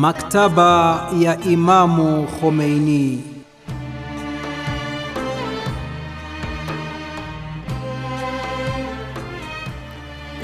Maktaba ya Imamu Khomeini.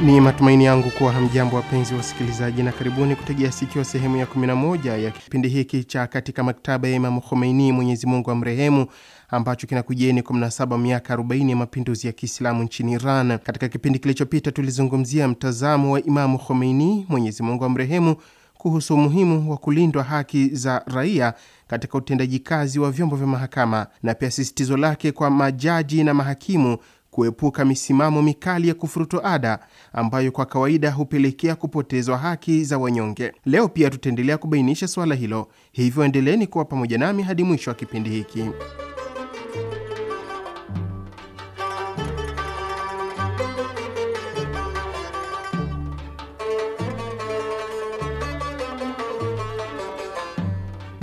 Ni matumaini yangu kuwa hamjambo wapenzi wa wasikilizaji, na karibuni kutegea sikio sehemu ya 11 ya kipindi hiki cha katika maktaba ya Imamu Khomeini, Mwenyezi Mungu amrehemu, ambacho kinakujeni kwa mnasaba miaka 40 ya mapinduzi ya Kiislamu nchini Iran. Katika kipindi kilichopita tulizungumzia mtazamo wa Imamu Khomeini, Mwenyezi Mungu amrehemu kuhusu umuhimu wa kulindwa haki za raia katika utendaji kazi wa vyombo vya mahakama na pia sisitizo lake kwa majaji na mahakimu kuepuka misimamo mikali ya kufurutu ada ambayo kwa kawaida hupelekea kupotezwa haki za wanyonge. Leo pia tutaendelea kubainisha suala hilo, hivyo endeleeni kuwa pamoja nami hadi mwisho wa kipindi hiki.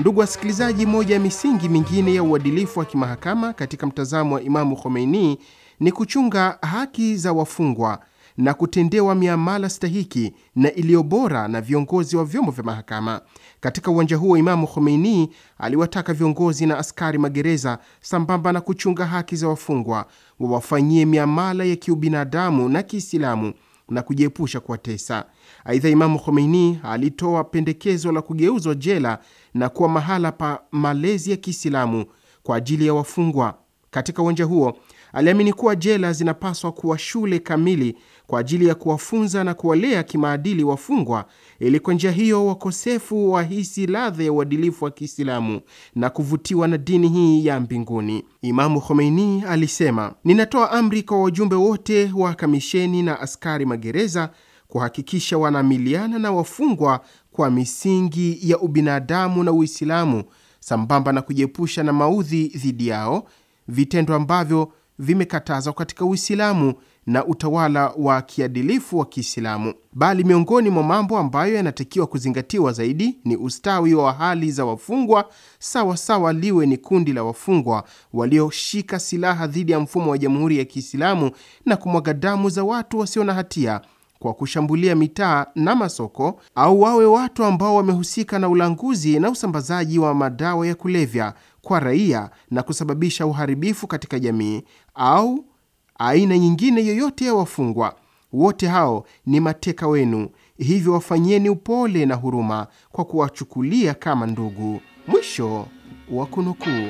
Ndugu wasikilizaji, moja ya misingi mingine ya uadilifu wa kimahakama katika mtazamo wa Imamu Khomeini ni kuchunga haki za wafungwa na kutendewa miamala stahiki na iliyo bora na viongozi wa vyombo vya mahakama. Katika uwanja huo, Imamu Khomeini aliwataka viongozi na askari magereza, sambamba na kuchunga haki za wafungwa, wawafanyie miamala ya kiubinadamu na Kiislamu na kujiepusha kuwatesa. Aidha, Imamu Khomeini alitoa pendekezo la kugeuzwa jela na kuwa mahala pa malezi ya Kiislamu kwa ajili ya wafungwa. Katika uwanja huo aliamini kuwa jela zinapaswa kuwa shule kamili kwa ajili ya kuwafunza na kuwalea kimaadili wafungwa, ili kwa njia hiyo wakosefu wahisi ladha ya uadilifu wa Kiislamu na kuvutiwa na dini hii ya mbinguni. Imamu Khomeini alisema, ninatoa amri kwa wajumbe wote wa kamisheni na askari magereza kuhakikisha wanaamiliana na wafungwa kwa misingi ya ubinadamu na Uislamu, sambamba na kujiepusha na maudhi dhidi yao, vitendo ambavyo vimekatazwa katika Uislamu na utawala wa kiadilifu wa Kiislamu, bali miongoni mwa mambo ambayo yanatakiwa kuzingatiwa zaidi ni ustawi wa hali za wafungwa, sawa sawa liwe ni kundi la wafungwa walioshika silaha dhidi ya mfumo wa Jamhuri ya Kiislamu na kumwaga damu za watu wasio na hatia kwa kushambulia mitaa na masoko au wawe watu ambao wamehusika na ulanguzi na usambazaji wa madawa ya kulevya kwa raia na kusababisha uharibifu katika jamii au aina nyingine yoyote ya wafungwa, wote hao ni mateka wenu, hivyo wafanyeni upole na huruma kwa kuwachukulia kama ndugu. Mwisho wa kunukuu.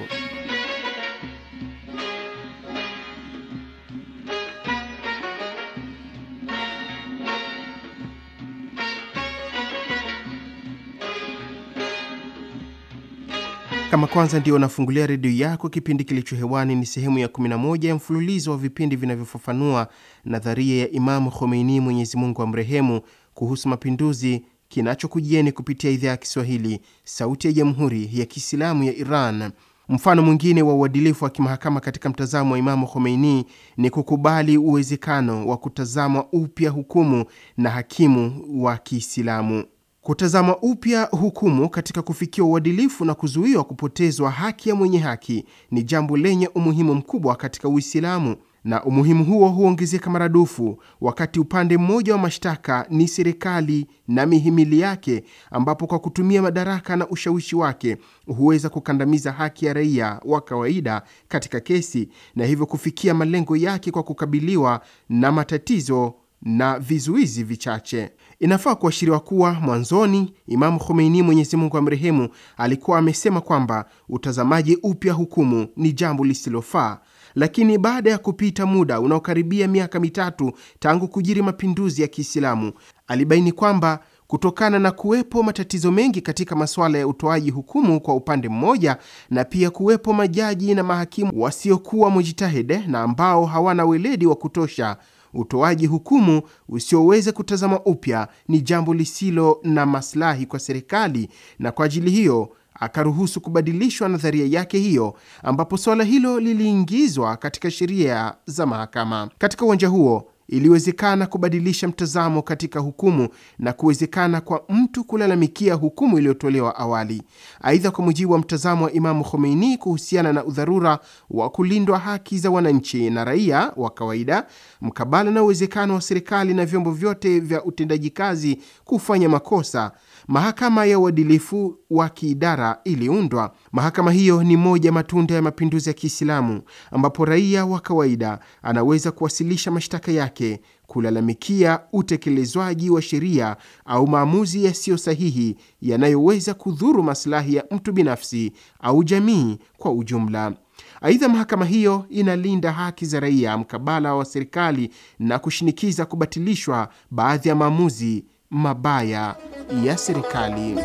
Kama kwanza ndio unafungulia redio yako, kipindi kilicho hewani ni sehemu ya 11 ya mfululizo wa vipindi vinavyofafanua nadharia ya Imamu Khomeini, Mwenyezi Mungu amrehemu, kuhusu mapinduzi, kinachokujieni kupitia idhaa ya Kiswahili, Sauti ya Jamhuri ya Kiislamu ya Iran. Mfano mwingine wa uadilifu wa kimahakama katika mtazamo wa Imamu Khomeini ni kukubali uwezekano wa kutazama upya hukumu na hakimu wa Kiislamu kutazama upya hukumu katika kufikia uadilifu na kuzuiwa kupotezwa haki ya mwenye haki ni jambo lenye umuhimu mkubwa katika Uislamu, na umuhimu huo huongezeka maradufu wakati upande mmoja wa mashtaka ni serikali na mihimili yake, ambapo kwa kutumia madaraka na ushawishi wake huweza kukandamiza haki ya raia wa kawaida katika kesi, na hivyo kufikia malengo yake kwa kukabiliwa na matatizo na vizuizi vichache. Inafaa kuashiriwa kuwa mwanzoni, Imamu Khomeini, Mwenyezi Mungu amrehemu, alikuwa amesema kwamba utazamaji upya hukumu ni jambo lisilofaa, lakini baada ya kupita muda unaokaribia miaka mitatu tangu kujiri mapinduzi ya Kiislamu, alibaini kwamba kutokana na kuwepo matatizo mengi katika masuala ya utoaji hukumu kwa upande mmoja, na pia kuwepo majaji na mahakimu wasiokuwa mujitahide na ambao hawana weledi wa kutosha Utoaji hukumu usioweza kutazama upya ni jambo lisilo na maslahi kwa serikali, na kwa ajili hiyo akaruhusu kubadilishwa nadharia yake hiyo, ambapo suala hilo liliingizwa katika sheria za mahakama. Katika uwanja huo iliwezekana kubadilisha mtazamo katika hukumu na kuwezekana kwa mtu kulalamikia hukumu iliyotolewa awali. Aidha, kwa mujibu wa mtazamo wa Imamu Khomeini kuhusiana na udharura wa kulindwa haki za wananchi na raia wa kawaida, mkabala na uwezekano wa serikali na vyombo vyote vya utendaji kazi kufanya makosa mahakama ya uadilifu wa kiidara iliundwa. Mahakama hiyo ni moja matunda ya mapinduzi ya Kiislamu, ambapo raia wa kawaida anaweza kuwasilisha mashtaka yake, kulalamikia utekelezwaji wa sheria au maamuzi yasiyo sahihi yanayoweza kudhuru masilahi ya mtu binafsi au jamii kwa ujumla. Aidha, mahakama hiyo inalinda haki za raia mkabala wa serikali na kushinikiza kubatilishwa baadhi ya maamuzi mabaya ya serikali.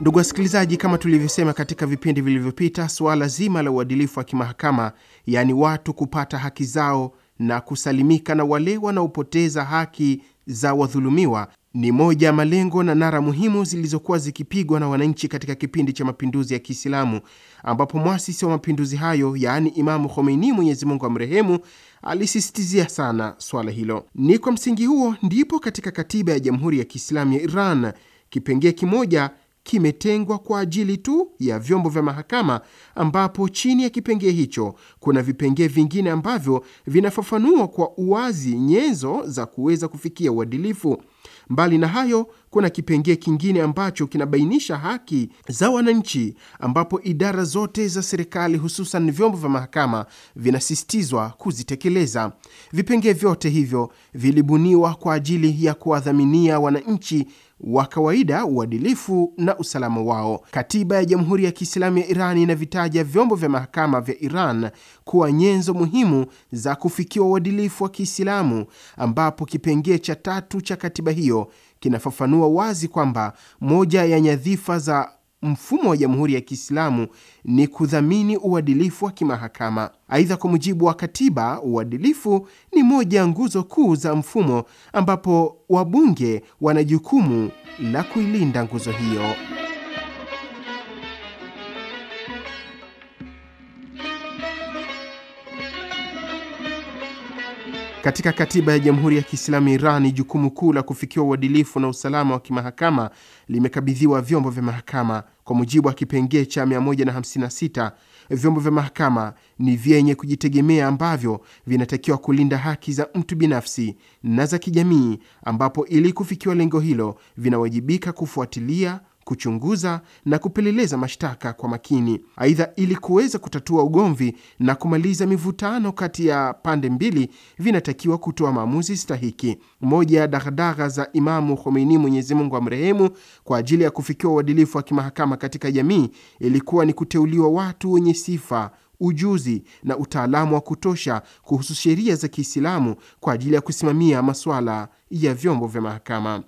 Ndugu wasikilizaji, kama tulivyosema katika vipindi vilivyopita, suala zima la uadilifu wa kimahakama, yaani watu kupata haki zao na kusalimika na wale wanaopoteza haki za wadhulumiwa ni moja ya malengo na nara muhimu zilizokuwa zikipigwa na wananchi katika kipindi cha mapinduzi ya Kiislamu, ambapo mwasisi wa mapinduzi hayo yaani Imamu Khomeini, Mwenyezi Mungu amrehemu, alisisitizia sana swala hilo. Ni kwa msingi huo ndipo katika katiba ya Jamhuri ya Kiislamu ya Iran kipengee kimoja kimetengwa kwa ajili tu ya vyombo vya mahakama, ambapo chini ya kipengee hicho kuna vipengee vingine ambavyo vinafafanua kwa uwazi nyenzo za kuweza kufikia uadilifu. Mbali na hayo, kuna kipengee kingine ambacho kinabainisha haki za wananchi, ambapo idara zote za serikali, hususan vyombo vya mahakama, vinasisitizwa kuzitekeleza. Vipengee vyote hivyo vilibuniwa kwa ajili ya kuwadhaminia wananchi wa kawaida, uadilifu na usalama wao. Katiba ya Jamhuri ya Kiislamu ya Iran inavitaja vyombo vya mahakama vya Iran kuwa nyenzo muhimu za kufikiwa uadilifu wa Kiislamu, ambapo kipengee cha tatu cha katiba hiyo kinafafanua wazi kwamba moja ya nyadhifa za mfumo wa Jamhuri ya Kiislamu ni kudhamini uadilifu wa kimahakama. Aidha, kwa mujibu wa katiba, uadilifu ni moja ya nguzo kuu za mfumo, ambapo wabunge wana jukumu la kuilinda nguzo hiyo. Katika katiba ya Jamhuri ya Kiislamu Irani, jukumu kuu la kufikiwa uadilifu na usalama wa kimahakama limekabidhiwa vyombo vya mahakama. Kwa mujibu wa kipengee cha 156 vyombo vya mahakama ni vyenye kujitegemea ambavyo vinatakiwa kulinda haki za mtu binafsi na za kijamii, ambapo ili kufikiwa lengo hilo vinawajibika kufuatilia kuchunguza na kupeleleza mashtaka kwa makini. Aidha, ili kuweza kutatua ugomvi na kumaliza mivutano kati ya pande mbili, vinatakiwa kutoa maamuzi stahiki. Moja ya daghdagha za Imamu Khomeini, Mwenyezi Mungu amrehemu, kwa ajili ya kufikiwa uadilifu wa kimahakama katika jamii ilikuwa ni kuteuliwa watu wenye sifa ujuzi na utaalamu wa kutosha kuhusu sheria za Kiislamu kwa ajili ya kusimamia masuala ya vyombo vya mahakama.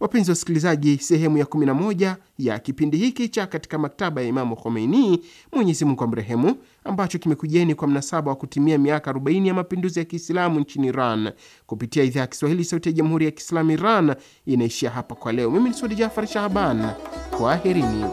Wapenzi wa wasikilizaji, sehemu ya 11 ya kipindi hiki cha katika maktaba ya Imamu Khomeini, Mwenyezi Mungu amrehemu, ambacho kimekujeni kwa mnasaba wa kutimia miaka 40 ya mapinduzi ya Kiislamu nchini Iran kupitia idhaa ya Kiswahili, Sauti ya Jamhuri ya Kiislamu Iran, inaishia hapa kwa leo. Mimi ni Sudi Jafar Shahaban, kwaherini.